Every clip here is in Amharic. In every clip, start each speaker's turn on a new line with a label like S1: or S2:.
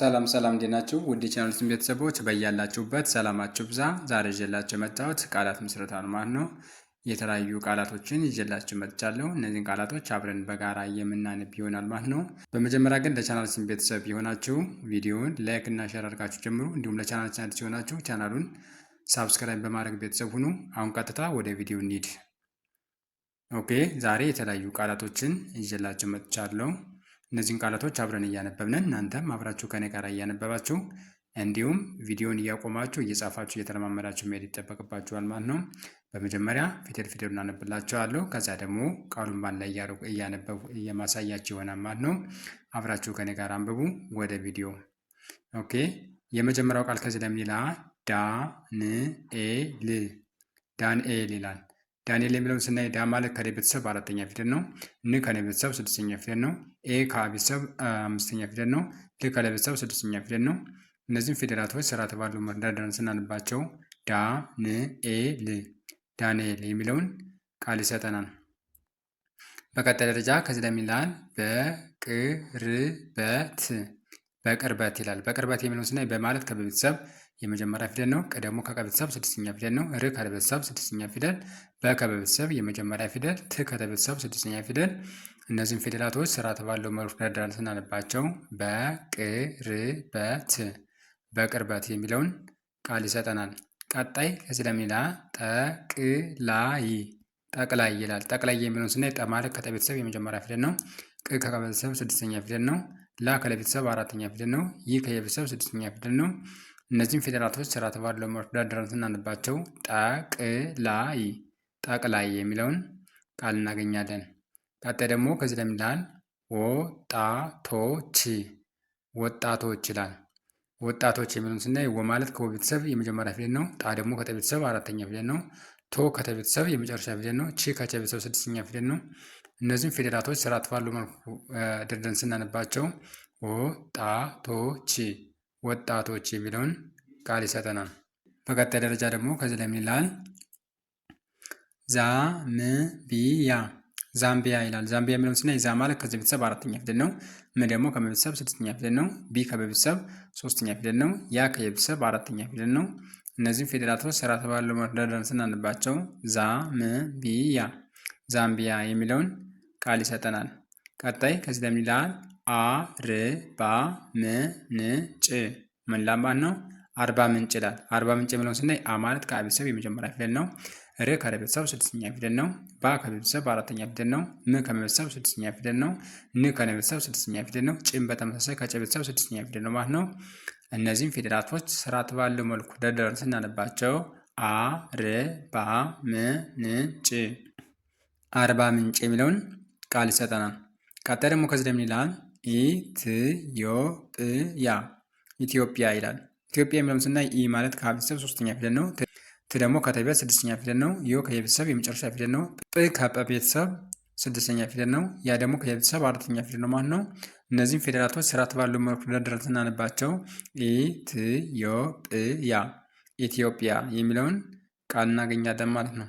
S1: ሰላም ሰላም እንዴት ናችሁ? ውድ የቻናል ስም ቤተሰቦች በያላችሁበት ሰላማችሁ ብዛ። ዛሬ ይዤላችሁ የመጣሁት ቃላት ምስረታ ነው ማለት ነው። የተለያዩ ቃላቶችን ይዤላችሁ መጥቻለሁ። እነዚህን ቃላቶች አብረን በጋራ የምናነብ ይሆናል ማለት ነው። በመጀመሪያ ግን ለቻናል ስም ቤተሰብ የሆናችሁ ቪዲዮውን ላይክ እና ሼር አድርጋችሁ ጀምሩ። እንዲሁም ለቻናል ቻናል ሲሆናችሁ ቻናሉን ሳብስክራይብ በማድረግ ቤተሰብ ሁኑ። አሁን ቀጥታ ወደ ቪዲዮ እንሂድ። ኦኬ ዛሬ የተለያዩ ቃላቶችን ይዤላችሁ መጥቻለሁ። እነዚህን ቃላቶች አብረን እያነበብነን እናንተም አብራችሁ ከኔ ጋር እያነበባችሁ እንዲሁም ቪዲዮን እያቆማችሁ እየጻፋችሁ እየተለማመዳችሁ መሄድ ይጠበቅባችኋል ማለት ነው። በመጀመሪያ ፊደል ፊደሉን አነብላችኋለሁ። ከዚያ ደግሞ ቃሉን ባንድ ላይ እያነበቡ እየማሳያችሁ ይሆናል ማለት ነው። አብራችሁ ከኔ ጋር አንብቡ። ወደ ቪዲዮ ኦኬ። የመጀመሪያው ቃል ከዚህ ለምን ይላል? ዳንኤል ዳንኤል ይላል። ዳንኤል የሚለውን ስናይ ዳ ማለት ከደ ቤተሰብ አራተኛ ፊደል ነው። ን ከነ ቤተሰብ ስድስተኛ ፊደል ነው። ኤ ከቤተሰብ አምስተኛ ፊደል ነው። ል ከለ ቤተሰብ ስድስተኛ ፊደል ነው። እነዚህም ፊደላቶች ስራ ተባሉ መርዳዳን ስናንባቸው ዳ ን ኤ ል ዳንኤል የሚለውን ቃል ይሰጠናል። በቀጣይ ደረጃ ከዚህ ለሚላል በቅርበት በቅርበት ይላል። በቅርበት የሚለውን ስናይ በማለት ከቤተሰብ የመጀመሪያ ፊደል ነው። ቅ ደግሞ ከቀ ቤተሰብ ስድስተኛ ፊደል ነው። ር ከረ ቤተሰብ ስድስተኛ ፊደል፣ በ ከበ የመጀመሪያ ፊደል፣ ት ከተ ቤተሰብ ስድስተኛ ፊደል። እነዚህም ፊደላቶች ስርዓት ባለው መልኩ ደርድረን ስናነባቸው በቅርበት በቅርበት የሚለውን ቃል ይሰጠናል። ቀጣይ ከዚህ ለሚላ ጠቅላይ ጠቅላይ ይላል። ጠቅላይ የሚለውን ስናይ ጠ ማለት ከጠ ቤተሰብ የመጀመሪያ ፊደል ነው። ቅ ከቀ ቤተሰብ ስድስተኛ ፊደል ነው። ላ ከለ አራተኛ ፊደል ነው። ይ ከየ ስድስተኛ ፊደል ነው። እነዚህም ፊደላቶች ስራ ባለው መልኩ ደርድረን ጠቅላይ ጠቅላይ የሚለውን ቃል እናገኛለን። ቀጣይ ደግሞ ከዚህ ላይ ወጣቶች ወጣቶች ይላል። ወጣቶች የሚለውን ስናይ ወ ማለት ከወ ቤተሰብ የመጀመሪያ ፊደል ነው። ጣ ደግሞ ከጠ ቤተሰብ አራተኛ ፊደል ነው። ቶ ከተ ቤተሰብ የመጨረሻ ፊደል ነው። ቺ ከቸ ቤተሰብ ስድስተኛ ፊደል ነው። እነዚህም ፊደላቶች ስራ ባለው መልኩ ደርድረን ስናነባቸው ወጣቶች ወጣቶች የሚለውን ቃል ይሰጠናል። በቀጣይ ደረጃ ደግሞ ከዚህ ላይ ምን ይላል? ዛምቢያ ዛምቢያ ይላል። ዛምቢያ የሚለውን ስናይ ዛ ማለት ከዚህ ቤተሰብ አራተኛ ፊደል ነው። ም ደግሞ ከመቤተሰብ ስድስተኛ ፊደል ነው። ቢ ከቤተሰብ ሶስተኛ ፊደል ነው። ያ ከየቤተሰብ አራተኛ ፊደል ነው። እነዚህም ፊደላቶች ስራ ተባለ መደርደር ስናንባቸው ዛምቢያ ዛምቢያ የሚለውን ቃል ይሰጠናል። ቀጣይ ከዚህ ላይ ይላል? አርባ ምንጭ ምንላማን ነው አርባ ምንጭ ይላል። አርባ ምንጭ የሚለውን ስናይ አ ማለት ከአቤተሰብ የመጀመሪያ ፊደል ነው። ር ከረቤተሰብ ስድስተኛ ፊደል ነው። ባ ከቤተሰብ አራተኛ ፊደል ነው። ም ከመቤተሰብ ስድስተኛ ፊደል ነው። ን ከነቤተሰብ ስድስተኛ ፊደል ነው። ጭም በተመሳሳይ ከጨቤተሰብ ስድስተኛ ፊደል ነው ማለት ነው። እነዚህም ፊደላቶች ስርዓት ባለው መልኩ ደርድረን ስናነባቸው አርባ ምንጭ አርባ ምንጭ የሚለውን ቃል ይሰጠናል። ቀጣይ ደግሞ ከዚህ ላይ ይላል? ኢትዮጵያ ኢትዮጵያ ይላል። ኢትዮጵያ የሚለውን ስናይ ኢ ማለት ከቤተሰብ ሶስተኛ ፊደል ነው። ት ደግሞ ከተ ስድስተኛ ፊደል ነው። ዮ ከየቤተሰብ የመጨረሻ ፊደል ነው። ጵ ከጰ ቤተሰብ ስድስተኛ ፊደል ነው። ያ ደግሞ ከየቤተሰብ አራተኛ ፊደል ነው ማለት ነው። እነዚህም ፊደላቶች ስርዓት ባለው መልኩ ደርድረን ስናነባቸው ኢትዮጵያ ኢትዮጵያ የሚለውን ቃል እናገኛለን ማለት ነው።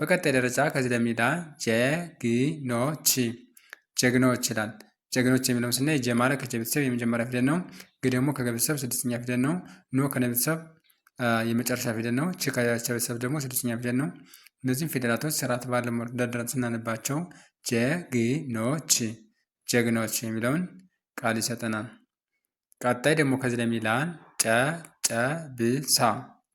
S1: በቀጣይ ደረጃ ከዚህ ለሚዳ ጀግኖች ጀግኖች ይላል። ጀግኖች የሚለውን ስናይ ጀ ማለት ከጀ ቤተሰብ የመጀመሪያ ፊደል ነው። ግ ደግሞ ከገ ቤተሰብ ስድስተኛ ፊደል ነው። ኖ ከነ ቤተሰብ የመጨረሻ ፊደል ነው። ች ከቸ ቤተሰብ ደግሞ ስድስተኛ ፊደል ነው። እነዚህም ፊደላቶች ስርዓት ባለው ደርድረን ስናነባቸው ች ጀግኖች የሚለውን ቃል ይሰጠናል። ቀጣይ ደግሞ ከዚህ ጨ የሚላን ጨጨብሳ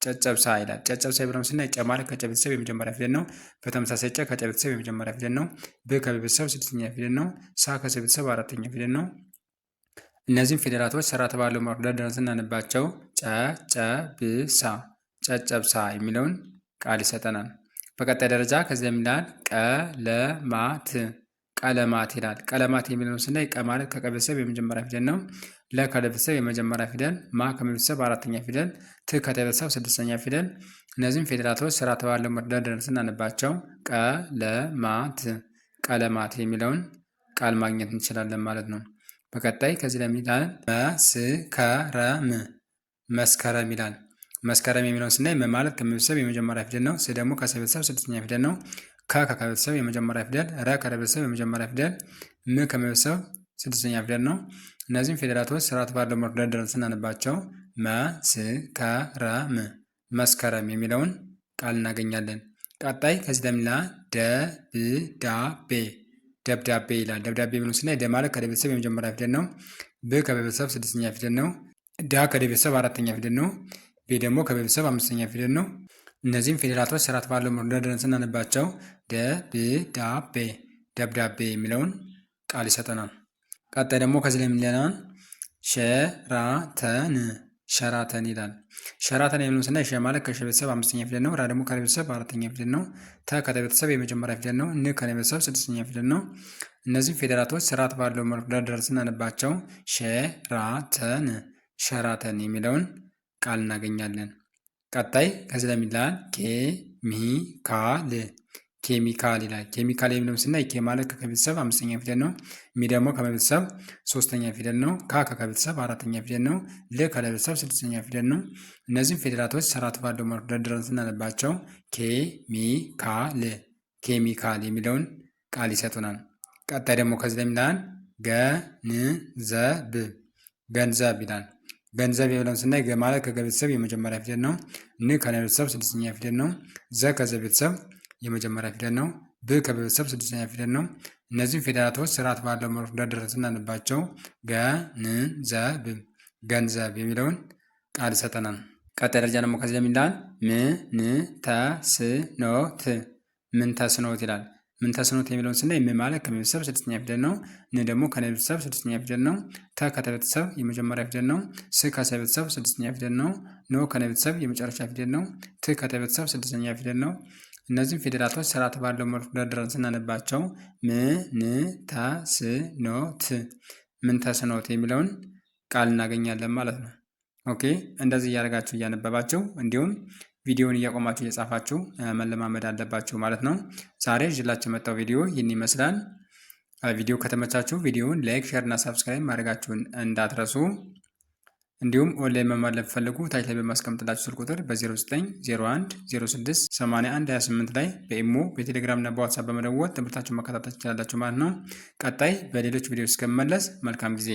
S1: ጨጨብሳ ይላል። ጨጨብሳ ብለን ስናይ ጨ ማለት ከጨ ቤተሰብ የመጀመሪያ ፊደል ነው። በተመሳሳይ ጨ ከጨ ቤተሰብ የመጀመሪያ ፊደል ነው። ብ ከበ ቤተሰብ ስድስተኛ ፊደል ነው። ሳ ከሰ ቤተሰብ አራተኛ ፊደል ነው። እነዚህም ፊደላቶች ስርዓት ባለው መርዳር ስናነባቸው ጨ ጨ ብ ጨጨብሳ የሚለውን ቃል ይሰጠናል። በቀጣይ ደረጃ ከዚያ የሚላል ቀለማት ቀለማት ይላል። ቀለማት የሚለውን ስናይ ቀ ማለት ከቀ ቤተሰብ የመጀመሪያ ፊደል ነው። ለ ከለ ቤተሰብ የመጀመሪያ ፊደል፣ ማ ከመ ቤተሰብ አራተኛ ፊደል፣ ት ከተ ቤተሰብ ስድስተኛ ፊደል። እነዚህም ፊደላቶች ስራ ተባለው መደርደር ስናነባቸው ቀለማት ቀለማት የሚለውን ቃል ማግኘት እንችላለን ማለት ነው። በቀጣይ ከዚህ ለሚላል መስከረም መስከረም ይላል። መስከረም የሚለውን ስናይ መ ማለት ከመ ቤተሰብ የመጀመሪያ ፊደል ነው። ስ ደግሞ ከሰ ቤተሰብ ስድስተኛ ፊደል ነው። ከ ከከቤተሰብ የመጀመሪያ ፊደል፣ ረ ከረቤተሰብ የመጀመሪያ ፊደል፣ ም ከመቤተሰብ ስድስተኛ ፊደል ነው። እነዚህም ፊደላቶች ስርዓት ባለው መልኩ ደርድረን ስናነባቸው መስከረም መስከረም የሚለውን ቃል እናገኛለን። ቀጣይ ከዚህ ለሚላ ደብዳቤ ደብዳቤ ይላል። ደብዳቤ የሚለውን ስናይ ደ ማለት ከደቤተሰብ የመጀመሪያ ፊደል ነው። ብ ከቤተሰብ ስድስተኛ ፊደል ነው። ዳ ከደቤተሰብ አራተኛ ፊደል ነው። ቤ ደግሞ ከቤተሰብ አምስተኛ ፊደል ነው። እነዚህም ፊደላቶች ስርዓት ባለው መደርደረን ስናነባቸው ደብዳቤ ደብዳቤ የሚለውን ቃል ይሰጠናል። ቀጣይ ደግሞ ከዚህ ላይ የሚለናል ሸራተን ሸራተን ይላል። ሸራተን የሚለውን ስናይ ሸ ማለት ከሸ ቤተሰብ አምስተኛ ፊደል ነው። ራ ደግሞ ከረ ቤተሰብ አራተኛ ፊደል ነው። ተ ከተ ቤተሰብ የመጀመሪያ ፊደል ነው። ን ከነ ቤተሰብ ስድስተኛ ፊደል ነው። እነዚህም ፊደላቶች ስርዓት ባለው መልኩ ደርድረን ስናነባቸው ሸራተን ሸራተን የሚለውን ቃል እናገኛለን። ቀጣይ ከዚህ ላይ ሚላል ኬሚካል ኬሚካል ይላል። ኬሚካል የሚለውን ስናይ ኬ ማለት ከከቤተሰብ አምስተኛ ፊደል ነው። ሚ ደግሞ ከመቤተሰብ ሶስተኛ ፊደል ነው። ካ ከከቤተሰብ አራተኛ ፊደል ነው። ል ከለቤተሰብ ስድስተኛ ፊደል ነው። እነዚህም ፊደላቶች ስርዓት ባለው መልኩ ደርድረን ስናነባቸው ኬሚካል ኬሚካል የሚለውን ቃል ይሰጡናል። ቀጣይ ደግሞ ከዚህ ላይ ሚላል ገንዘብ ገንዘብ ይላል። ገንዘብ የብለን ስናይ ገ ማለት ከገ ቤተሰብ የመጀመሪያ ፊደል ነው። ን ከነ ቤተሰብ ስድስተኛ ፊደል ነው። ዘ ከዘ ቤተሰብ የመጀመሪያ ፊደል ነው። ብ ከበ ቤተሰብ ስድስተኛ ፊደል ነው። እነዚህም ፊደላቶች ስርዓት ባለው መልኩ እንደደረስ ስናንባቸው ገ ን ዘ ብ ገንዘብ የሚለውን ቃል ይሰጠናል። ቀጣይ ደረጃ ደግሞ ከዚህ ለሚላል ምን ን ተስኖት ምን ተስኖት ይላል ምን ተስኖት የሚለውን ስናይ ም ማለት ከመቤተሰብ ስድስተኛ ፊደል ነው። ን ደግሞ ቤተሰብ ስድስተኛ ፊደል ነው። ተ ከተቤተሰብ የመጀመሪያ ፊደል ነው። ስ ቤተሰብ ስድስተኛ ፊደል ነው። ኖ ቤተሰብ የመጨረሻ ፊደል ነው። ት ከተቤተሰብ ስድስተኛ ፊደል ነው። እነዚህም ፊደላቶች ስርዓት ባለው መልኩ ደርድረን ስናነባቸው ም ን ተ ስ ኖ ት ምን ተስኖት የሚለውን ቃል እናገኛለን ማለት ነው። ኦኬ እንደዚህ እያደረጋችሁ እያነበባችሁ እንዲሁም ቪዲዮውን እያቆማችሁ እየጻፋችሁ መለማመድ አለባችሁ ማለት ነው። ዛሬ ይዤላችሁ የመጣው ቪዲዮ ይህን ይመስላል። ቪዲዮ ከተመቻችሁ ቪዲዮውን ላይክ፣ ሼር እና ሰብስክራይብ ማድረጋችሁን እንዳትረሱ። እንዲሁም ኦንላይን መማር ለሚፈልጉ ታች ላይ በማስቀምጥላችሁ ስልክ ቁጥር በ0901 06 81 ላይ በኢሞ በቴሌግራም እና በዋትሳፕ በመደወል ትምህርታችሁን መከታተል ትችላላችሁ ማለት ነው። ቀጣይ በሌሎች ቪዲዮ እስከመለስ መልካም ጊዜ